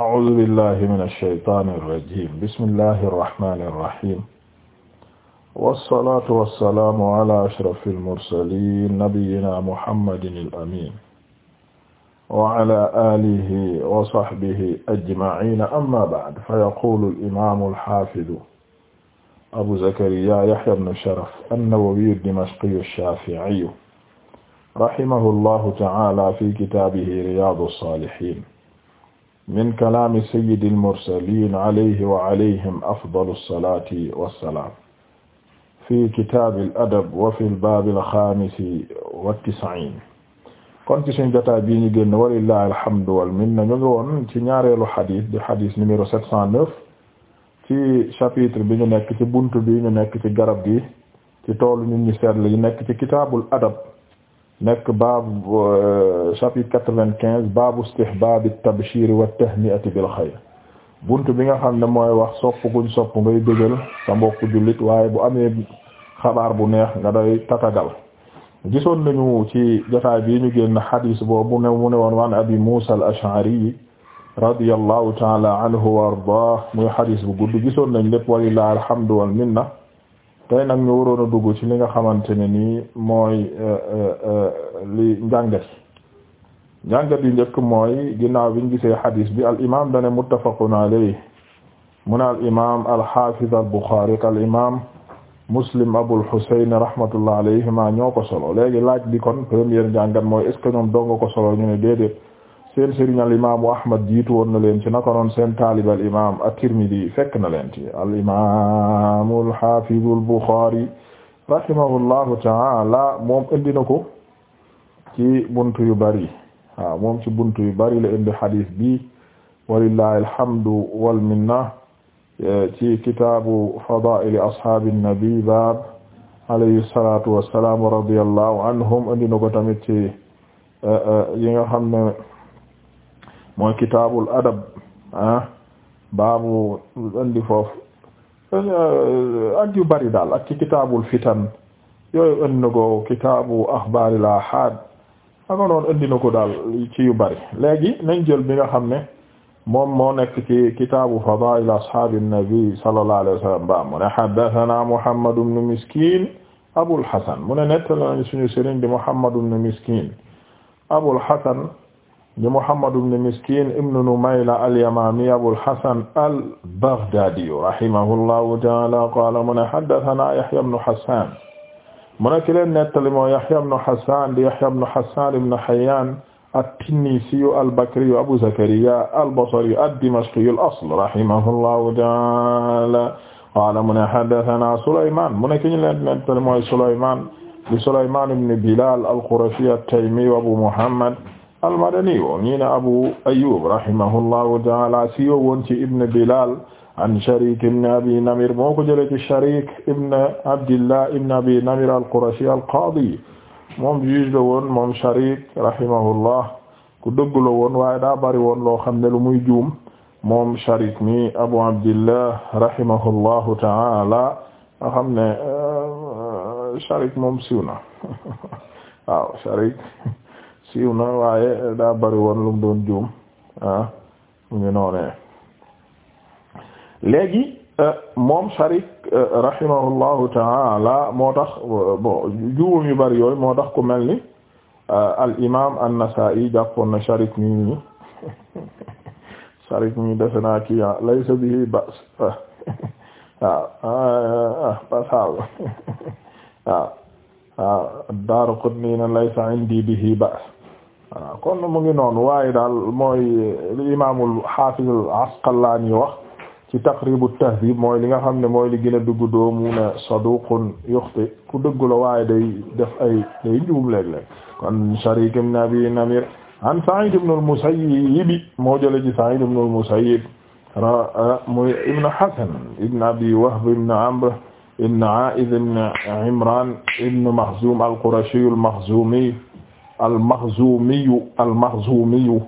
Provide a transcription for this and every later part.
أعوذ بالله من الشيطان الرجيم بسم الله الرحمن الرحيم والصلاة والسلام على أشرف المرسلين نبينا محمد الأمين وعلى آله وصحبه أجمعين أما بعد فيقول الإمام الحافظ أبو زكريا يحيى بن شرف النووي الدمشقي الشافعي رحمه الله تعالى في كتابه رياض الصالحين min kalaami sayyidil mursaliin alayhi wa alayhim afdalu salaati wa salaam fi kitaabil adab wa fil baabil xaamisi wa tis'iin kon ci suñu jotaay bii ñu génn walillaahi alhamdu wal minna ñu ngi woon ci ñaareelu xadis di xadis numéro 709 ci chapitre bi ñu nekk ci buntu bi ñu nekk ci garab gi ci toolu nit ñi seetlu yi nekk ci kitaabul adab. nekk baab euh, chapitre quatre-vingt-quinze baabu istihbaabi tabshir wa tahniati bil xayr bunt bi nga xam ne mooy wax sopp guñ sopp ngay bëggal sa mbokk jullit waaye bu amee xabaar bu neex nga day tatagal gisoon nañu ci jotaay bii ñu génn xadiis boobu boo bu ne woon waan abi muusa al ash'ari radiyallahu taala anhu wa ardaah muy xadiis bu gudd gisoon nañ lépp walillahi alhamdu wal minna tey nag ñu waroon a dugg ci li nga xamante ne nii mooy euh, euh, euh, li njàngat njàngat yi njëkk mooy ginnaaw biñ gisee xadiis bi al imaam dane muttafaqun alayhi mu ne al imaam al xaafiz al buxaari al imaam muslim abul xuseyn rahmatullah alayhima ñoo ko solo léegi laaj bi kon première njàngat mooy est ce que ñoom dong ko solo ñu ne déedéet. seen sëriñ al Ahmad jiitu woon na leen ci naka noon seen taalib al imaam fekk na leen ci al imaamu al haafizu al Bukhari rahimahullahu ta'ala moom indi ci buntu yu bari waaw moom ci buntu yu bari la indi hadith bi walillahi alhamdu wal minna ci kitaabu fadaa'ili ashaabin nabi baab alayhi salaatu wa salaam wa radiyallahu anhum indi ko tamit ci eh, eh, yi nga xam mooy kitaabul adab ah baabu andi foofu ak yu bari daal ak ci kitaabul fitan yooyu indi na ko kitaabu axbaaril ahad anga noonu indi ko daal ci yu bari léegi nañ jël bi nga xam ne moom moo nekk ci kitaabu fadaa'il ashaabi nabi sallallahu alayhi wa sallam ba mu ne haddathana Muhammad ibn Miskiin Abul Hasan mu ne nettali nañu suñu sëriñ di Muhammad ibn Miskiin Abul Hasan ñu Muhammad ibn Miskin ibn Numayla al-Yamami Abul Hasan al-Baghdadi rahimahullahu ta'ala qala mu ne haddathana Yahya ibn Hassan mu ne ki leen nettali moo Yahya ibn Hassan di Yahya ibn Hassan ibn Hayyan at-Tinnisi al-Bakri Abu Zakariya al-Basri ad-Dimashqi al-asl rahimahullahu ta'ala qala mu ne haddathana Sulayman mu ne ki ñu leen nettali mooy Sulayman di Sulayman ibn Bilal al-Qurashi at-Taymi Abu Muhammad almadani wo ñi ne abu ayyub rahimahullahu taala siyo woon ci ibn bilal an sharik ibn abi namir moo ko jëlee ci sharik ibn abdillah ibn abi namir al-qurashi al moom juge la woon moom sharik rahimahullah ku dëgg woon waaye daa bari loo xam ne lu muy juum moom sharik mi abu abdillah rahimahullahu taala nga xam ne euh, sharik moom siw na sharik siiw na waaye daa bari woon lu mu doon juum ah mu ngi noonee léegi euh, moom Sharik euh, rahimahullahu taala moo tax bon juum yu bari yooyu moo tax ku mel ni euh, al imaam an-Nasa'i jàppoon na Sharik mi nii Sharik mi defe naa kii ah, laysa bihi ba's waaw ah, ah, basaw waaw waaw Daaraqutni laysa indi bihi ba's voilà kon mu ngi noonu waaye daal mooy imaamul xaafiz al-Asqalaani wax ci taqribu tahdib mooy li nga xam ne mooy li gën a dugg doomu ne saduqun yuxti ku dëggu la waaye day def ay day njuum léeg-léeg kon Sharik ibn Abi Namir an Sa'id ibn al-Musayyib moo jële ci Sa'id ibn al-Musayyib ra muy ibn Hasan ibn Abi Wahb ibn Amr ibn A'id ibn Imran ibn Makhzum al-Qurashi al-Makhzumi al-Makhzumiyu al-Makhzumiyu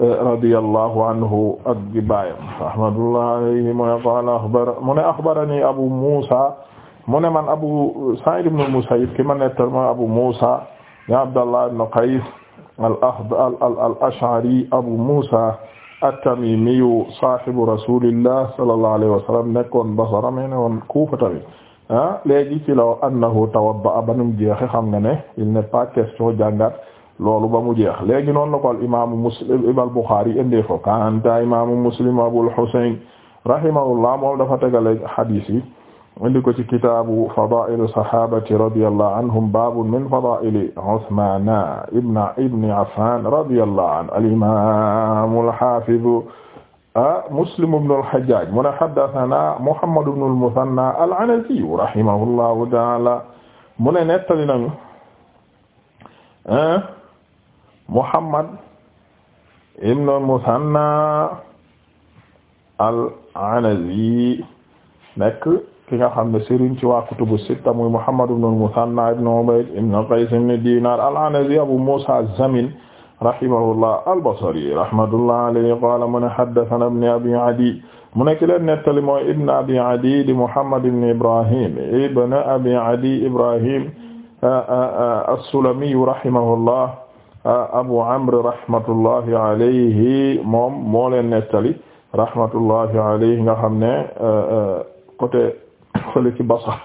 eh, radiyallahu anhu ak baayam rahmatullah alayhi mu ne qaala axbar mu ne axbarani Abu Muusa mu ne man Abu Saïd ibn al-Musayyib ki ma nettal ma Abu Muusa ya Abdallah ibn Qays al-Ash'ari Abu Muusa at-Tamimiyu saahibu rasulillah sallallahu alayhi wa sallam nekkoon Basra mi nekkoon Kufa tamit ah léegi ci la annahu tawadda'a ba nu mu jeexee xam nga ne il n'est pas question jàngat. loolu ba mu jeex léegi noonu la ko al imaamu muslim ibal Bukhari indee fo kanta imaamu muslim abul Husayn rahimahullah moom dafa tegale hadis yi indi ko ci kitaabu fadaa'il sahabati radiyallahu anhum baabun min fadaa'il Uthman ibn ibn Affan radiyallahu anhu al imaamu al haafiz Muslim ibn al Hajjaj mu ne haddathana Muhammad ibn al Muthanna al Anazi rahimahullahu ta'ala mu ne nettali nañu Muhammad ibn Musanna al-Anazi nekk ki nga xam ne sëriñ ci waa kutubu sitta muy Muhammad ibn Musanna ibn Ubayd ibn Qays ibn Dinar al-Anazi Abu Musa az-Zamin rahimahullah al-Basri rahmatullah alayhi qala mu ne haddathana ibn Abi Adi mu nekk leen nettali mooy ibn Abi Adi di Muhammad ibn Ibrahim ibn Abi Adi Ibrahim as-Sulami rahimahullah Ah, Abu Amr rahmatullahi alayhi moom moo leen nettali rahmatullahi alayhi nga xam ne euh, euh, côté fële ci Basra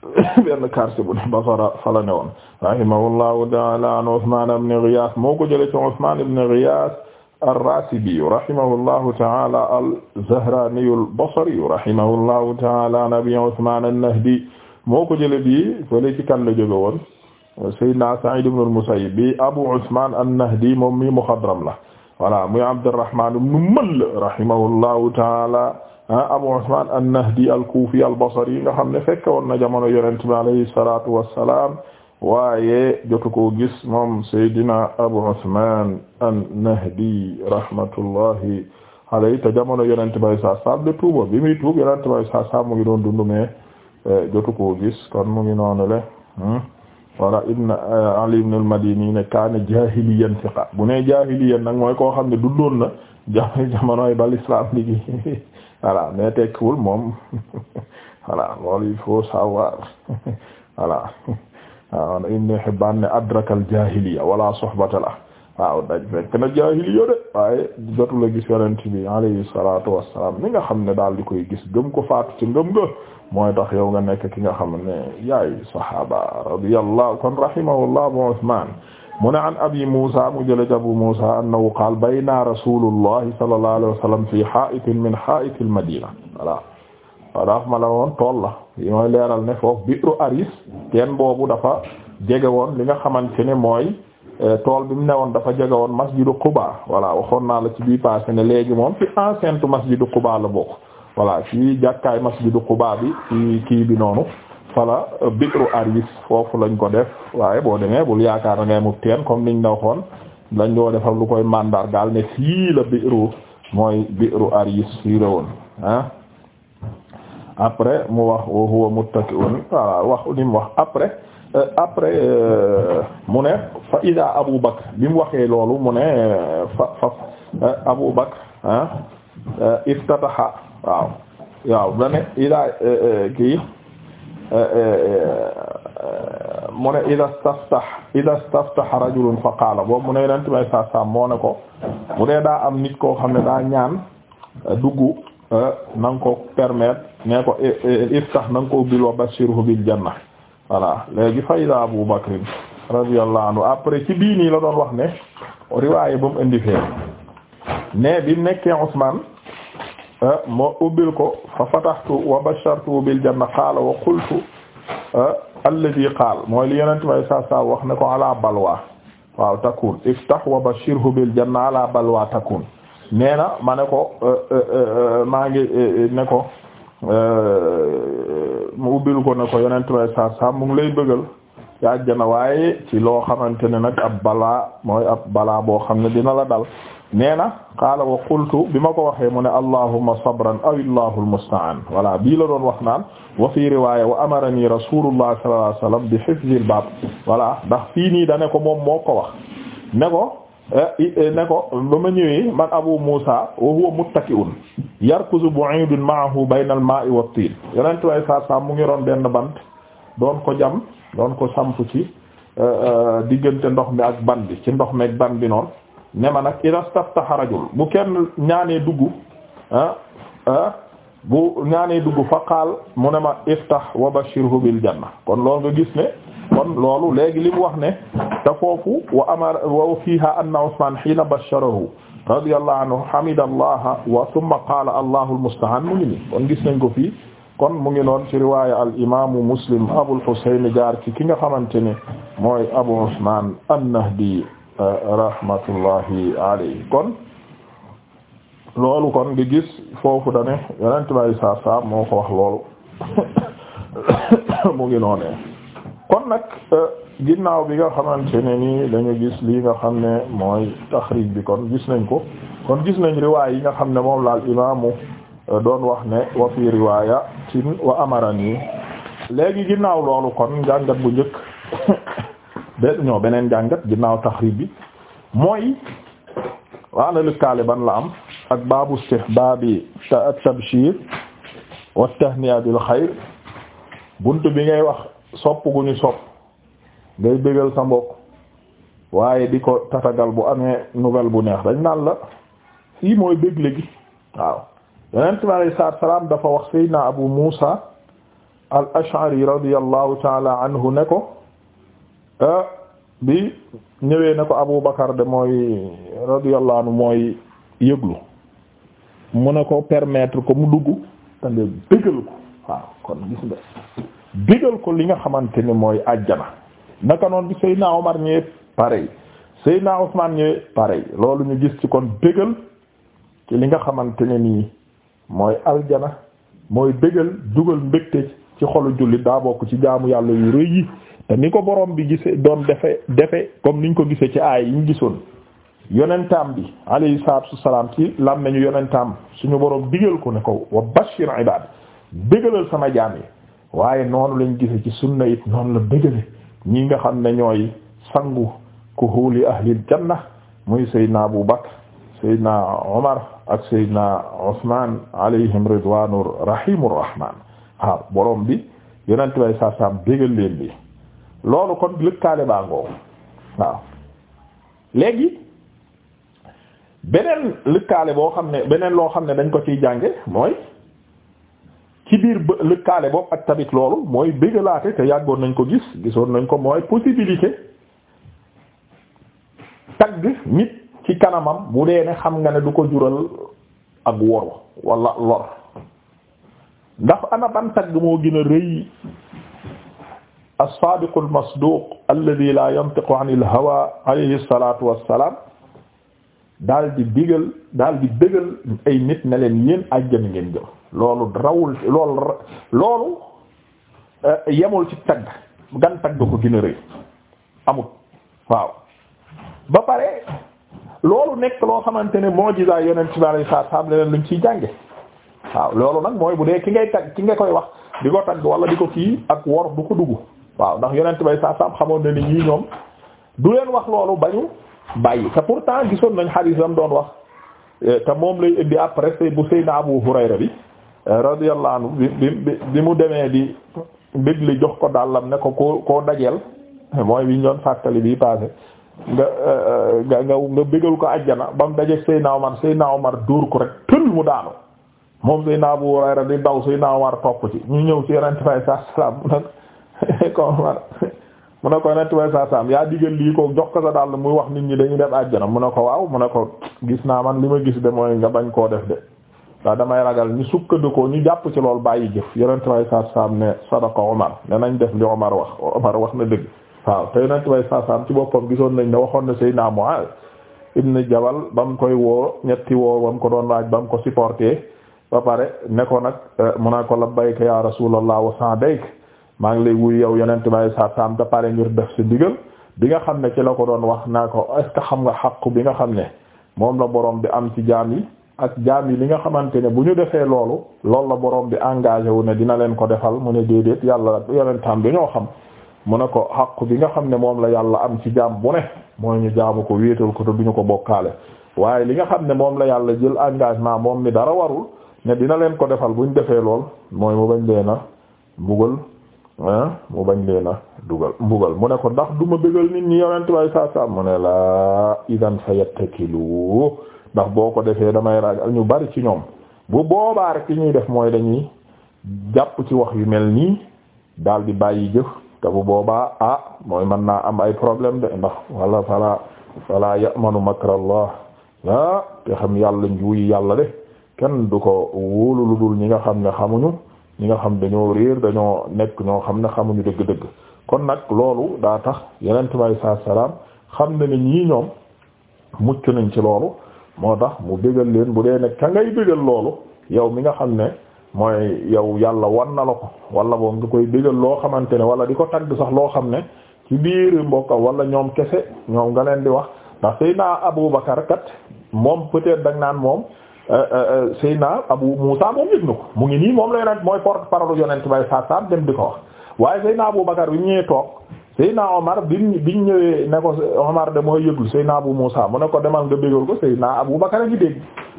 benn quartier bu ne Basra fa la newoon rahimahullahu ta'ala an Usman ibn Ghiyath moo ko jëlee ci Usman ibn Ghiyath ar-Rasibi rahimahullahu ta'ala al-Zahrani al-Basri rahimahullahu ta'ala an Abi Usman an-Nahdi moo ko jëlee bi fële ci kan la jóge woon Seydina Sa'id ibn al-Musayyib bi Abu Usman an-Nahdi moom mi muxadram la voilà muy Abdurrahman ibn Mall rahimahullahu taala ah, Abu Usman an-Nahdi al-Kufi al-Basri nga xam ne fekk woon na jamono Yonent bi alayhi salaatu wassalaam waaye jotu ko gis moom Seydina Abu Usman an-Nahdi rahmatullahi alayhi te jamono Yonent bi alayhi salaatu wassalaam de tuuba bi muy tuub Yonent bi alayhi salaatu wassalaam mu ngi doon dund mais eh, jotu ko gis kon mu ngi noonu le hmm. wala ibn eh, ali ibn al-madini ne kaana jahiliyan siqa bu ne jahiliyan nag mooy koo xam ne du na jamonoy bal islam ligi voilà mais tekkiwul moom voilà loolu il faut savoir voilà waaw ibn hibban ne adraka al wala sohbata waaw daj fekk na jaahiliya de waaye jotul a gis yonent bi alayhi salaatu wassalaam mi nga xam ne daal di koy gis gëm ko faatu ci ngëm nga mooy tax yow nga nekk ki nga xam ne yaay sahaaba radiyallahu kon rahimahullah bu Usmaan mu ne an abi Muusa mu jële abu Muusa annahu qaal bayna rasuulullahi sallallahu alayhi wa sallam fi haa'itin min haa'iti al-Madina voilà waaw daaf ma la woon tool la yi mooy leeral ne foofu bi'ru Aris teen boobu dafa jege woon li nga xamante ne mooy Euh, tool bi mu newoon dafa jege woon du Quba voilà waxoon naa la ci bii passé ne léegi moom ci enceinte masjidu Quba la bokk voilà ci jàkkaay du Quba bi ci kii bi noonu fala euh, bitru aris foofu lañ ko def waaye boo demee bul yaakaar na ngay mu teen comme niñ la waxoon lañ doo defal lu koy mandargaal ne fii la bitru mooy bitru aris fii la woon ah mu wax wa huwa muttaki'un voilà wax li mu wax après Euh, après euh, mu ne fa ida Abu Bakr bi mu waxee loolu mu ne fa fa euh, Abu Bakr ah iftataha waaw waaw da ne ida kii mu ne ida staftah ida staftaha rajulun fa qaala boobu mu ne yonent may sa moo ne ko bu dee daa am nit koo xam ne daa ñaan dugg na nga ko permettre ne ko iftah na ko bil wa bashirhu bil janna voilà léegi fayda Abu Bakr radiyallahu anhu après ci bii nii la doon wax ne riwaaye ba mu indi fee bi nekkee Usman ah, moo ubbil ko fa fatahtu wa bashartu bil janna qaala wa qultu ah, alladhi qaala mooy li yonent may saa saa wax ne ko ala balwa waaw takun iftah wa bashirhu bil janna ala balwa takun nee na ma ne ko ah, maa eh, eh, ne ko Euh, mu ubbil ko ne ko yonent bay saa saa mu lay bëggal ci àjjana waaye ci loo xamante ne nag ab balaa mooy ab balaa boo xam ne dina la dal nee na qaala wa qultu bi ma ko waxee mu ne allahumma sabran aw illahul musta'an voilà bii la doon wax naan wa fi riwaaya wa amarani rasulullah bi hifzil baab voilà ndax fii nii da ne ko moom moo ko wax ne ko Eh, eh, ne ko ba ma ñëwee man Abu Muusa wa huwa muttaki'un yarkuzu bu'idun ma'ahu ma al-ma'i wa at-tin yonent way saa saa mu ngi benn bant doon ko jam doon ko samp ci eh, diggante ndox mi ak ban bi ci ndox mi ak ban bi noonu ne ma nag ida staftaha rajul bu kenn ñaanee dugg ah bu ñaanee dugg fa qaal mu ne ma iftah wa bashirhu janna kon loolu nga gis ne kon loolu léegi li wax ne te foofu wa amar wa fiiha anna Usman hiina basharahu radiyallahu anhu hamidallaha wa thumma qaala allahu almusta'aan mu ngi ni kon gis nañ ko fi kon mu ngi noon ci riwaaya al imaamu Muslim Abul Husayn jaar ci ki nga xamante ne mooy Abu Usman an-Nahdi eh, rahmatullahi alayhi loolu kon nga gis moo ko wax mu ngi noonee kon nag euh, ginnaaw bi nga xamante ne nii dañu gis lii nga xam ne mooy taxrij bi kon gis nañ ko kon gis nañ riwaay yi nga xam ne moom laal imaamu euh, doon wax ne wa fi riwaaya tin wa amarani léegi ginnaaw loolu kon jàngat bu njëkk beneen jàngat ginnaaw taxrij bi mooy waana lëkkaale ban la am ak baabu istihbaabi at tabshir wa tahniya bil xayr bunt bi ngay wax sopp gu ñu sopp ngay bégal sa mbokk waaye di ko tatagal bu amee nouvelle bu neex dañ naan la fii mooy bégle gi waaw yonent bi alayhi salaatu salaam dafa wax sayyidina Abu Muusa al ashari radiyallahu taala anhu ne ko eh, bi ñëwee ne ko Abu Bakar de mooy radiyallahu mooy yëglu mu ne ko permetre ko mu dugg te nga ko waaw kon gis nga digal ko li nga xamante ni mooy àjjana naka noonu bi Seydina Omar ñëwee pareil Seydina Ousmane ñëwee pareil loolu ñu gis ci kon bégal ci li nga xamante ne nii mooy aljana mooy bégal dugal mbégte ci xolu jullit daa bokk ci jaamu yàlla yu rëy yi te ni ko borom bi gisee doon defe defe comme niñ ko gisee ci aay yi ñu gisoon yonentaam bi alayhi salaatu salaam ci lam nañu yonentaam suñu borom digal ko ne ko wa bashir ibad bégalal sama jaam yi waaye noonu lañ gise ci sunna it noonu la dëgële ñi nga xam ne ñooy sangu kuhuli ahlil janna muy saydna Abu Bakr saydna Umar ak saydna Usman alayhim ridwanu rahimur rahman waaw ah, borom bi yonent way sa sam dëgal leen lëkkaale baa ngoow waaw léegi beneen lëkkaale boo xam ne beneen loo xam ne dañ ko ciy jànge mooy ci biir lëkkaale boobu ak tamit loolu mooy bëggalaate te yàggoon nañ ko gis gisoon nañ ko mooy possibilité tagg nit ci kanamam bu dee ne xam nga ne du ko jural ak woru wala lor ndax ana ban tagg moo gën a rëy as-sadiqul masduq alladhi la yantiqu anil hawa alayhi salatu wassalam daal di digal daal di dëgal ay nit ne leen ak àjjana ngeen jox loolu rawul loolu loolu euh, yemul ci tagg gan tagg ko gën a rëy amut waaw ba pare loolu nekk loo xamante ne moo mujiza yonent bi alayhi salaatu salaam leneen luñ ciy jànge waaw loolu nag mooy bu dee ki ngay tagg ki nga koy wax di ko tagg wala di ko fii ak wor du ko dugg waaw ndax yonent bi alayhi salaatu xamoon na ni ñii ñoom du leen wax loolu bañu bàyyi sa pourtant gisoon nañ xadiis lam doon wax eh, te moom lay indi après bu Seydina Abu Hurayra bi eh, radiyallahu bi bi bi mu demee di li jox ko dàllam ne ko koo ko dajeel eh, mooy bi ñu doon fàttali bi passé nga nga nga nga bégal ko ajjana ba mu dajeeg Seydina Omar Seydina mar dóor ko rek tël mu daanu moom Seydina Abu Hurayra di daw Seydina Omar topp ci ñu ñëw ci Yonent bi sallallahu alayhi wasallam mu ne ko yonent way saa saam yaa digal lii ko jox ko sa dàll muy wax nit ñi dañuy def àjjana mu ne ko waaw mu ne ko gis naa man li ma gis de mooy nga bañ koo def de ndax damay ragal ñu sukkandikoo ñu jàpp ci loolu bàyyi jëf yonent way saa saam ne sadaka Omar ne nañ def li Omar wax Omar wax na dëgg waaw te yonent way saa saam ci boppam gisoon nañ ne waxoon na Seydina Mu'aaz ibn Jabal ba mu koy woo ñetti woo ba mu ko doon laaj ba mu ko supporté ba pare ne ko nag eh, mu ne ko labbayka ya Rasuulallah wa sa'dayk maa ngi lay wuy yow yonent may sa saam te pare ngir def ci ndigal bi nga xam ne ci la ko doon wax naa ko est ce xam nga xàqu bi nga xam ne moom la borom bi am ci jaam yi ak jaam yi li nga xamante ne bu ñu defee loolu loolu la borom bi engagé wu ne dina leen ko defal mu ne déedéet yàlla yonentam dañoo xam mu ne ko xàqu bi nga xam ne moom la yàlla am ci jaam bu ne mooy ñu jaamu ko wéetal ko te ñu ko bokkaale waaye li nga xam ne moom la yàlla jël engagement moom ni dara warul ne dina leen ko defal bu ñu defee lool mooy mu bañ leen na mbugal mu bañ leen a dugal mbugal mu ne ko ndax duma bëggal nit ñi yonent bay saa saa mu ne laa idan sa yattakilu ndax boo ko defee damay ragal ñu bari ci ñoom bu boobaa rek li ñuy def mooy dañuy jàpp ci wax yu mel nii daal di bàyyi jëf te bu boobaa ah mooy mën naa am ay problème de ndax wala fala fala ya'manu makrallah ah te xam yàlla njuuy yàlla de kenn du ko wóolu lu dul ñi nga xam ne xamuñu ñi nga xam dañoo réer dañoo nekk ñoo xam ne xamuñu dëgg-dëgg kon nag loolu daa tax yenent bi saa salaam xam ne ni ñii ñoom mucc nañ ci loolu moo tax mu bégal leen bu dee ne ka ngay bégal loolu yow mi nga xam ne mooy yow yàlla wan na la ko wala boom nga koy bégal loo xamante ne wala di ko tagg sax loo xam ne ci biir mbokk wala ñoom kese ñoom nga leen di wax ndax Seydina Abu Bakar kat moom peut-être dag naan moom Euh, euh, euh, Seyna Abu Musa moom yëg na ko mu ngi nii moom la yonent mooy porte parole yonent bay saa saam dem di ko wax waaye Seyna Abu Bakar bi mu ñëwee toog Seyna Omar bi biñ ñëwee ne ko Omar de mooy yëgul Seyna Abu Musa mu ne ko demal nga bégal ko Seyna Abu Bakar a ngi dégg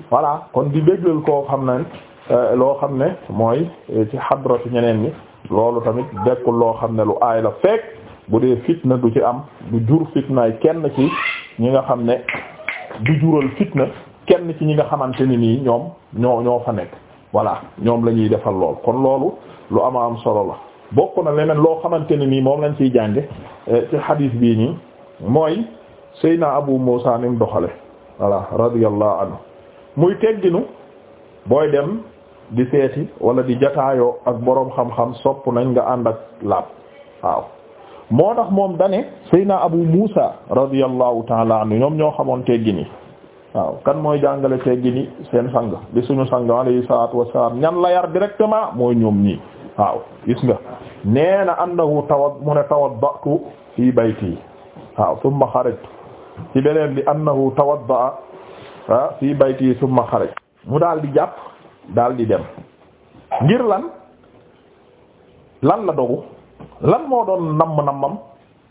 voilà kon di béglal koo xam ne loo xam ne mooy ci xadratu ñeneen ñi loolu tamit dekkul loo xam ne lu aay la fekk bu dee fitna du ci am du jur fitnaay kenn ci ñi nga xam ne du jural fitna kenn ci ñi nga xamante ne nii ñoom ñoo ñoo fa nekk voilà ñoom la ñuy defal lool kon loolu lu ama am solo la bokk na leneen loo xamante ne nii moom lañ ciy jànge eh, ci xadiis bii nii mooy Seydina Abu Muusa ni mu doxale voilà radiyallahu anhu muy tegginu booy dem di seeti wala di jataayoo ak boroom xam-xam sopp nañ nga ànd ak laab waaw moo tax moom dane Seydina Abu Muusa radiyallahu taala anhu ñoom ñoo xamoon teggini waaw kan mooy jàngale teggini seen sang di suñu sang alayhi salaatu ñan la yar directement mooy ñoom ñii waaw gis nga nee na annahu tawad mu ne tawaddatu fii bayti waaw thumma xarajtu ci beneen bi annahu tawaddaa fii bayti thumma xarajtu mu daal di jàpp daal di dem ngir lan lan la dogu lan moo doon namm nammam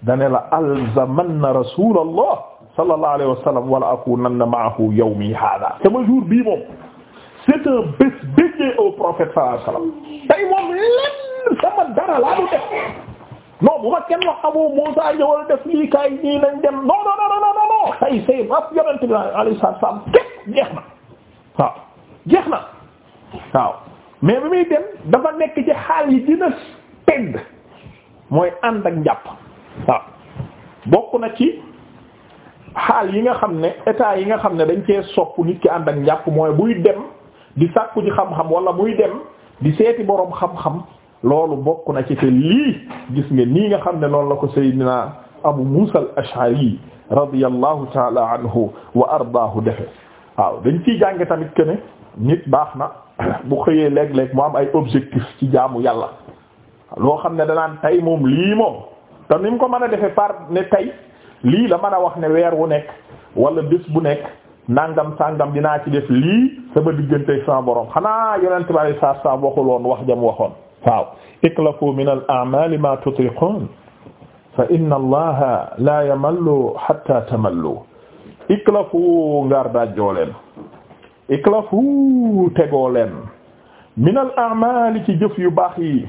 dane la alzamanna rasulallah sallallahu alayhi wa wala akunanna ma'ahu yawmi hada sama jour bii moom c'est un bés dédié au prophète sallallahu alayhi wa sallam tey moom lenn sama dara laa du def non bu ma kenn wax Abu Musa ñëwal def lii kay dem non non non non non tey say rab yonent bi alayhi jeex na waaw jeex na waaw dem dafa nekk ci xaal yi dina tedd mooy ànd ak njàpp waaw na ci. xaal yi nga xam ne état yi nga xam ne dañ cee sopp nit ki ànd ak njàpp mooy buy dem di sàkku ci xam-xam wala muy dem di seeti boroom xam-xam loolu bokk na ci te lii gis nga nii nga xam ne noonu la ko Seydina Abu Musa al-Ash'ari radiyallahu taala anhu wa ardaahu defe waaw dañ ciy jànge tamit que nit baax na bu xëyee léeg-léeg mu am ay objectif ci jaamu yàlla loo xam ne danaan tey moom lii moom te ni mu ko mën a defe par ne tey lii la mën wax ne weer wu nekk wala bés bu nekk nangam sangam naa ci def lii sama diggante sama borom xanaa yonent bari saa saa waxuloon wax jam waxoon waaw iklafu min al a'mali ma tutiqun fa inna allaha la yamallu hatta tamallu iklafu ngar daajoo leen iklafu tegoo leen min al ci jëf yu baax yi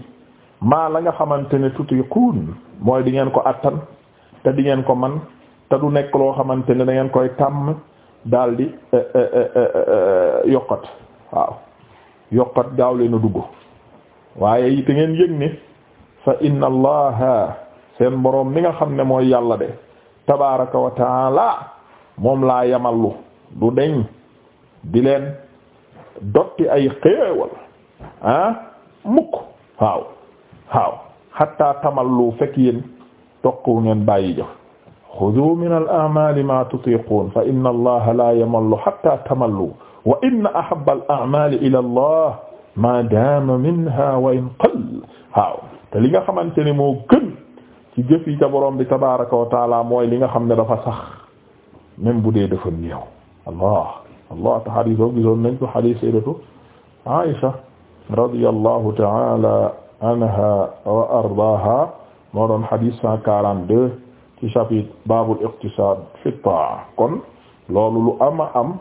maa la nga xamante ne tutiqun mooy di ngeen ko attan te di ngeen ko man te du nekk loo xamante ne da ngeen koy tàmm daldi di eh, eh, eh, yokkat waaw yokkat gaaw leen a dugg waaye it ngeen yëg ne fa inna allaha seen boroom mi nga xam ne mooy yàlla de tabaraka wa taala moom laa yamallu du deñ di leen dotti ay xéewal ah mukk waaw waaw hatta tamallu fekk yéen tokku ngeen bàyyi jëf xudu min al a'mali ma tutiquun fa inna allaha la yamallu hatta tamallu wa inna ahabba al a'mali ila allah ma dama minha wa in qall waaw te li nga xamante ne moo gën ci jëf yi ca borom bi tabaraka wa taala mooy li nga xam ne dafa sax même bu dee dafa néew allah allah te xadis boobu gisoon nañ ko xadis sayyidatu Aisha radiyallahu ta'ala anha wa ardaha moo doon hadith cent quarante deux ci chapitre babul iqtisad fi taa kon loolu lu ama am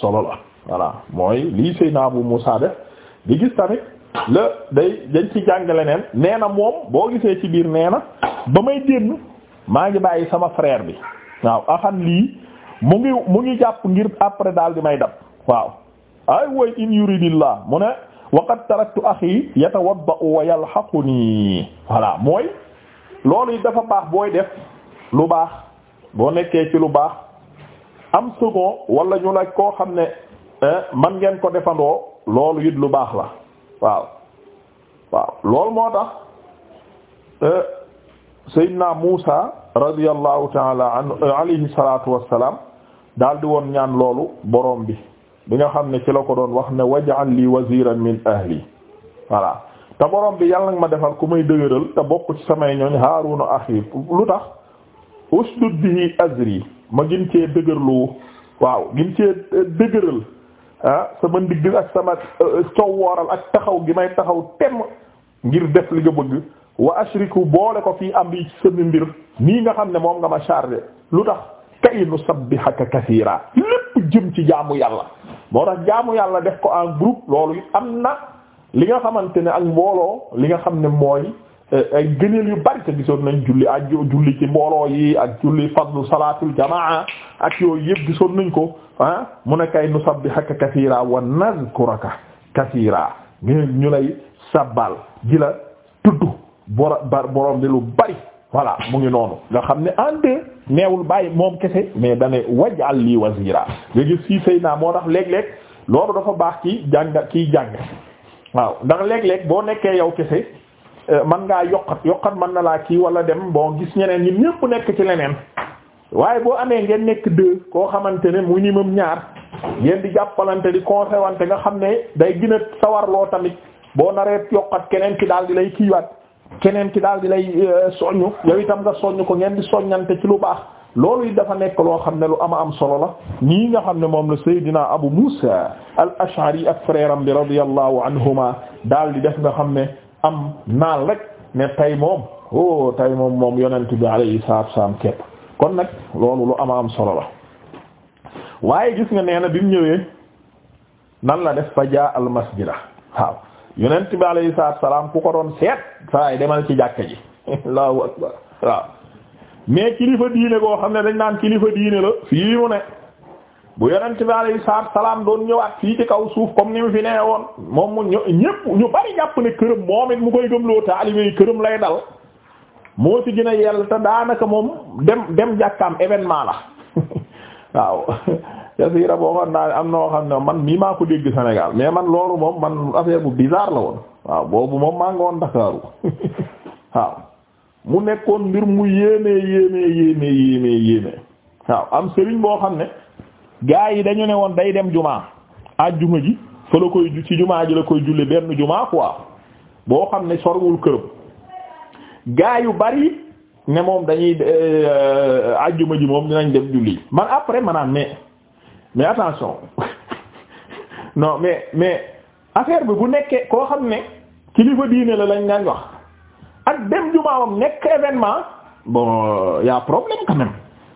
solo la voilà mooy lii Seydina Abu Musa def di gis tamit la day dañ ci jàngale neen nee na moom boo gisee ci biir nee na ba may génn maa ngi bàyyi sama frère bi waaw axan lii mu ngi mu ngi jàpp ngir après daal di may dab waaw ay woy in yuridillah mu ne waqad taraktu axi yatawadda'u wa yalhaquni voilà mooy loolu yi dafa baax booy def lu baax boo nekkee ci lu baax am second wala ñu laaj koo xam ne man ngeen ko defandoo loolu it lu baax la waaw waaw loolu moo tax euh, Seydina Muusa radiyallahu ta'ala anhu alayhi salatu wassalam daal di woon ñaan loolu boroom bi bi nga xam ne ci la ko doon wax ne waj'al li waziran min ahli voilà te borom bi yàlla nga ma defal ku may dëgëral te bokk ci samay ñooñ haaruna axi lu tax usdud bihi azri ma gin cee lu waaw gin cee euh, dëgëral ah sama ndigg ak sama euh, cowooral ak taxaw gi may taxaw temm ngir def li nga bëgg wa ashriku boole ko fii am ci sëmi mbir nii nga xam ne moom nga ma chargé lu tax kay nusabbihaka kasiira lépp jëm ci jaamu yàlla moo tax jaamu yàlla def ko en groupe loolu it am na li nga xamante ne ak mbooloo li nga xam ne mooy eh, ay gëneel yu bari te gisoon nañ julli ak julli ci mbooloo yi ak julli fadlu salaatul jamaa ak yooyu yëpp gisoon nañ ko ah mu ne kay nusabbihaka kasiira wa nazkuraka kasiira ñu lay sabbal di la tudd bor borom bi lu bari voilà mu ngi noonu nga xam ne en deux neewul bàyyi moom kese mais dane wajal lii wazira nga gis fii sëy naa moo tax léeg-léeg loolu dafa baax ci jàng ki jàng waaw ndax léeg-léeg boo nekkee yow kese euh, man ngaa yokkat yokkat man na laa kii wala dem boo gis ñeneen ñi ñépp nekk ci leneen waaye boo amee ngeen nekk deux koo xamante ne minimum ñaar ngeen di jàppalante di conseillante nga xam ne day gina a sawarloo tamit boo naree yokkat keneen ki daal lay kiiwaat keneen ki daal di lay euh, soññu yow itam nga soññ ko ngeen di soññante ci lu baax loolu yi dafa nekk loo xam ne lu ama am solo la ñii nga xam ne moom la Seydina Abu Musa al-Ash'ari ak frère am bi radiyallahu anhuma daal di def nga xam ne am naal rek ne tay moom o oh, tay moom moom yonent bi alayhi salaatu salaam képp kon nag loolu lu ama am solo la waaye gis nga nee bi mu ñëwee nan la def fa jaa al masjida waaw yonent bi alayhi salaam ku ko doon seet saa yi demal ci jàkka ji allahu waaw mais kilifa diine koo xam ne dañ naan kilifa diine la fii mu ne bu yonent bi alayhi salaam doon ñëwaat fii ci kaw suuf comme ni mu fi nee woon moom mu ñu ñépp ñu bari jàpp ne këram moom it mu koy gëmloo taalibe yi këram lay dal moo ci gën a yell te daanaka moom dem dem jàkkaam événement la waaw Yasiira boo xam naa am noo xam man mii maa ko dégg senegal mais man loolu moom man affaire bu bizarre la woon waaw boobu moom maa ngi woon Ndakaaru waaw mu nekkoon mbir mu yéeme yéeme yéeme yéeme waaw am sëriñ boo xam ne gaa yi dañu ne woon day dem jumaa àjjuma ji fa la koy ci jumaa ji la koy julli benn jumaa quoi boo xam ne sorwul këram gaa yu bari ne moom dañuy euh, àjjuma ji moom dinañ dem julli man après maanaam mais. mais attention non mais mais affaire bi bu nekkee koo xam ne kilifa diine la lañ naan wax ak dem jumaawam nekk événement bon y a problème quand même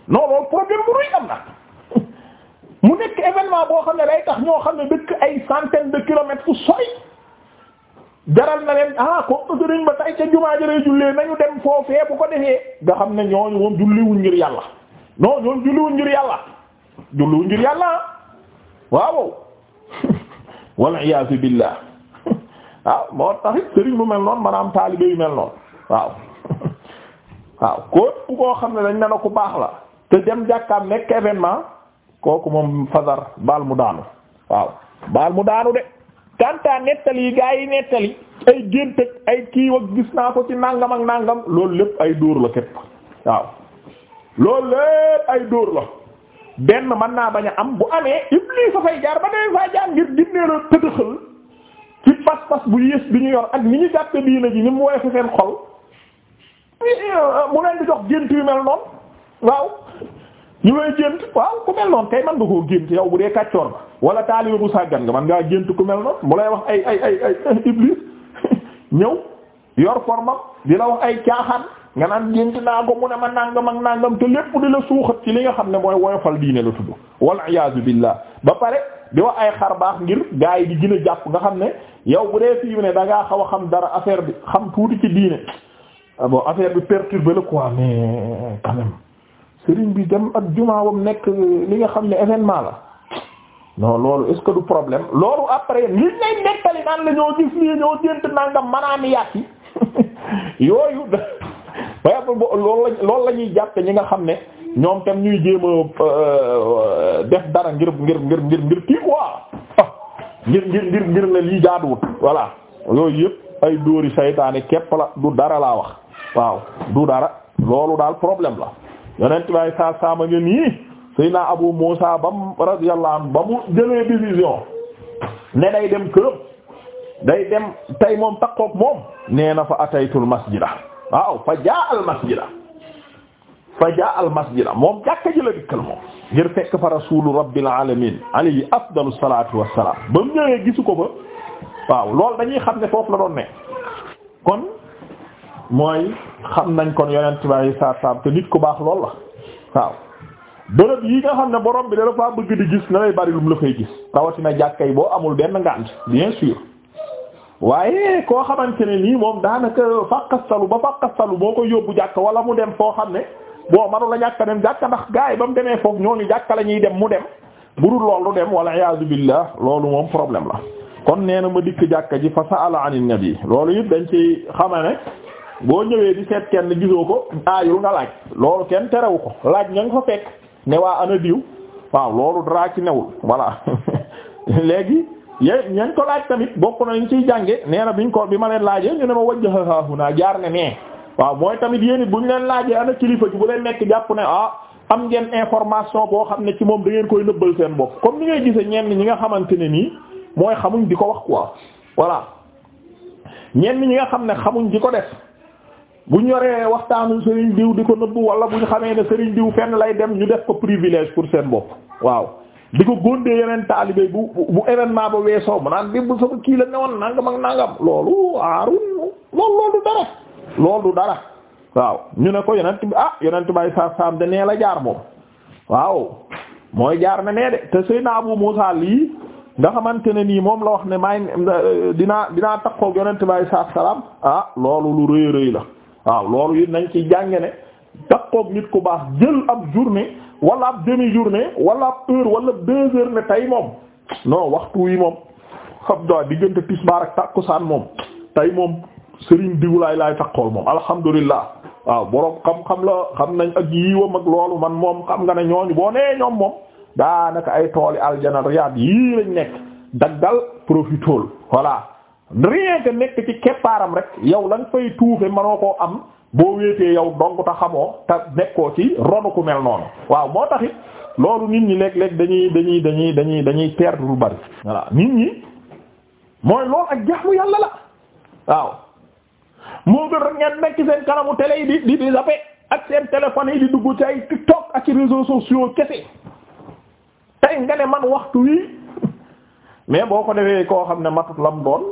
loolu problème bu ruy am na mu nekk événement boo xam ne day tax ñoo xam ne dëkk ay centaine de kilomètres fu sori jaral na leen ah ko sëriñ ba tay ca jumaa jëlee jullee nañu dem foofee bu ko defee nga xam ne ñooñu moom julliwuñ ngir yàlla non ñooñu julliwuñ ngir yàlla jullu ngir yàlla waaw wal iyaazu billah waaw moo taxit sëriñ bu mel noonu maanaam taalibe yu mel noonu waaw waaw kooku koo xam ne dañ ne la ku baax la te dem jàkkaam nekk événement kooku moom fadar baal mu daanu waaw baal mu daanu de kantaa nettali yi gaa nettali ay gént ak ay kii wax gis naa ko ci nàngam ak nàngam loolu lépp ay dóor la képp waaw loolu lépp ay dóor la benn mën naa bañ a am bu amee iblis a fay jaar ba dee faa jaar ngir ginneela tëdëxal ci pas-pas bu yées bi ñu yor ak ni ñu jàppe diina ji ni mu woyof seen xol euh, mu leen di jox gént yu mel noonu waaw ñu lay gént waaw ku mel noonu kay man nga koo gént yow bu dee kàccoor ba wala taaliba bu sàggan nga man ngaa gént ku mel noonu mu lay wax ay ay ay ay iblis ñëw yor formam di wax ay caaxaan nga naan gént naa ko mu ne ma nangam ak nangam te lépp di la suuxat ci li nga xam ne mooy woyofal diine la tudd wal iyaazu billah ba pare di wax ay xar baax ngir gaa yi di gën jàpp nga xam ne yow bu dee fii ne da ngaa xaw a xam dara affaire bi xam tuuti ci diine ah bon affaire bi perturbé la quoi mais quand même sëriñ bi dem ak jumaa wam nekk li nga xam ne événement la non loolu est-ce que du problème loolu après liñ lay nettali naan la ñoo gis lii ñoo gént yooyu ba loolu loolu la ñuy jàpp ñi nga xam ne ñoom tam ñuy jéem a euh, def dara ngir ngir ngir ngir ngir kii quoi ah, ngir ngir ngir ngir lii jaaduwut voilà yooyu yëpp ay dóori saytaane képp la du dara laa wax waaw du dara loolu daal problème la yonent baay saa saama ngeen nii naa Abu Muusa ba mu radiyallahu anhu ba mu jëlee décision ne day dem këram day dem tey moom takkook moom nee na fa ataytul masjida waaw fa jaa al masjida fa jaa al masjida moom jàkka ji la dikkal moom ngir fekk fa rasulu rabbil alamin alayhi afdalu salatu wassalam ba mu ñëwee gisu ko ba waaw loolu dañuy xam ne foofu la doon ne kon mooy xam nañ kon yonent bi saa saam te nit ku baax lool la waaw bërëb yi nga xam ne borom bi da dafa bëgg di gis na lay bari lu mu la fay gis rawatina jàkka yi boo amul benn ngànt bien sûr waaye koo xamante ne nii moom daanaka fàqastalu ba fàqastalu boo ko yóbbu jàkk wala mu dem foo xam ne boo manu la ñàkk dem jàkk ndax gars yi ba mu demee foofu ñooñu jàkk la ñuy dem mu dem budul loolu dem wala iyaazu billah loolu moom problème la kon nee na ma dikk jàkka ji fa sa'ala anin nabi loolu it dañ ci xama ne boo ñëwee di seet kenn gisoo ko aayul nga laaj loolu kenn terewu ko laaj nga ngi fa fekk ne waa ana diw waaw loolu dara ci newul voilà léegi yéen ñañ ko laaj tamit bokk na ñu ciy jànge nee na biñ ko bi ma leen laajee ñu ne ma wajjaha naa jaar ne nee waaw mooy tamit yéen bu buñ leen laajee ana kilifa ji bu leen nekk jàpp ne ah am ngeen information boo xam ne ci moom da ngeen koy nëbbal seen bopp comme ni ngay gisee ñenn ñi nga xamante ne nii mooy xamuñ di ko wax quoi voilà ñenn ñi nga xam ne xamuñ di ko def buñ yoree waxtaanu Serigne Diw di ko nëbb wala buñ xamee ne Serigne Diw fenn lay dem ñu def ko privilège pour seen bopp waaw. di ko góndee yeneen taalibe bu bu événement ba weesoo mu naan bi bu sama kii la newoon nangam ak nangam loolu aarul loolu loolu dara loolu dara waaw ñu ne ko yonent bi ah yonent bay sa saam de nee jaar moom waaw mooy jaar na nee de te Seydina Abu Muusa lii nga xamante ne nii moom la wax ne maay dina dinaa takkoog yonent bay sa salaam ah loolu lu rëy rëy la waaw loolu it nañ ci jànge ne takkoog nit ku baax jël ab journée wala ab demi journée wala ab heure wala deux heures ne tey moom non waxtu yi moom xam nga diggante tisbaar ak tàkkusaan moom tey moom Serigne diwlaay laay takkool moom alhamdulilah waaw borom xam-xam la xam nañ ak yiiwam ak loolu man moom xam nga ne ñooñu boo nee ñoom moom daanaka ay tooli aljana riyaad yii lañ nekk daggal profitool voilà rien que nekk ci keppaaram rek yow lañ fay tuufe manoo koo am boo wéetee yow dong ta xamoo te nekkoo ci ronu ku mel noonu waaw moo taxit loolu nit ñi léeg-léeg dañuy dañuy dañuy dañuy dañuy perdre lu bari voilà nit ñi mooy loolu ak jaamu yàlla la waaw moo gën rek ngeen nekk seen kanamu télé yi di di di zappe ak seen téléphone yi di dugg ci ay TikTok ak ci réseaux sociaux kese tey nga ne man waxtu wi mais boo ko defee koo xam ne matut lam doon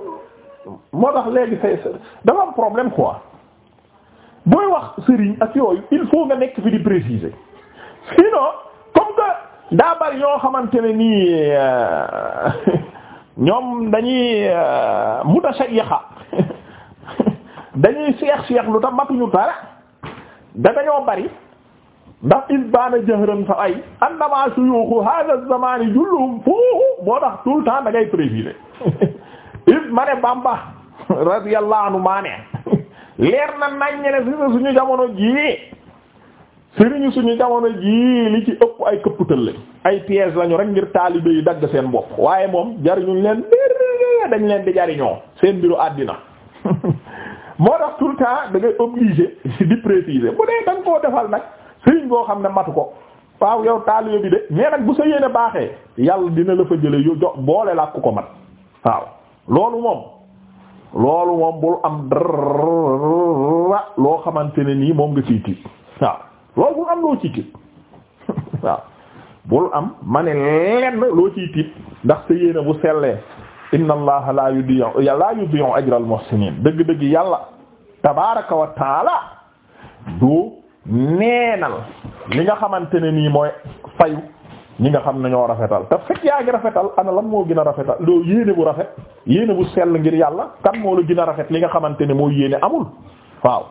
moo tax léegi say dafa am problème quoi booy wax sëriñ ak yooyu il faut nga nekk fi di préciser sinon comme que daa bari ñoo xamante ne nii euh, ñoom dañuy euh, mutashayikha dañuy seex seex lu tax matuñu dara da dañoo bari ndax il baana jahran fa ay annama suyuxu hadha az-zaman julluhum foofu moo tax tout le temps da ngay préciser il ma Bamba radiyallahu anhu maa leer na nañ ne ne suñu jamono jii sëriñu suñu jamono jii li ci ëpp ay këpputal lañ ay piège lañu rek ngir taalibe yi dagg seen bopp waaye moom jariñuñ leen dañ leen di jariñoo seen biru àddina moo tax tout le temps da ngay obligé di préciser bu dee da koo defal nag sëriñ boo xam ne matu ko waaw yow taalibe bi de mais nag bu sa yéene baaxee yàlla dina la fa jële yo jox boole làkku ko mat waaw loolu moom loolu moom bul am dara loo xamante ne nii moom nga ciy tiit waaw loolu bul am loo ciy tiit waaw bul am ma ne lenn loo ciy tiit ndax sa yéene bu sellee inna allaha la yudiyu la yudiyu ajral muhsinin dëgg-dëgg yàlla tabaraka wa taala du neenal li nga xamante ne nii mooy fayu ñi nga xam ne ñoo rafetal te fekk yaa ngi rafetal ana lan moo gën a rafetal loo yéene bu rafet yéene bu sell ngir yàlla kan moo la gën a rafet li nga xamante ne moo yéene amul waaw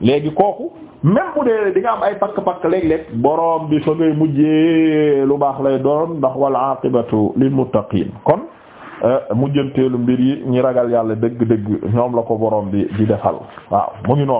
léegi kooku même bu dee di nga am ay pakk-pakk léeg-léeg boroom bi fa ngay mujjee lu baax lay doon ndax wal aqibatu lil muttaqin kon euh, mujjanteelu mbir yi ñi ragal yàlla dëgg-dëgg ñoom la ko boroom bi di defal waaw mu ngi noonu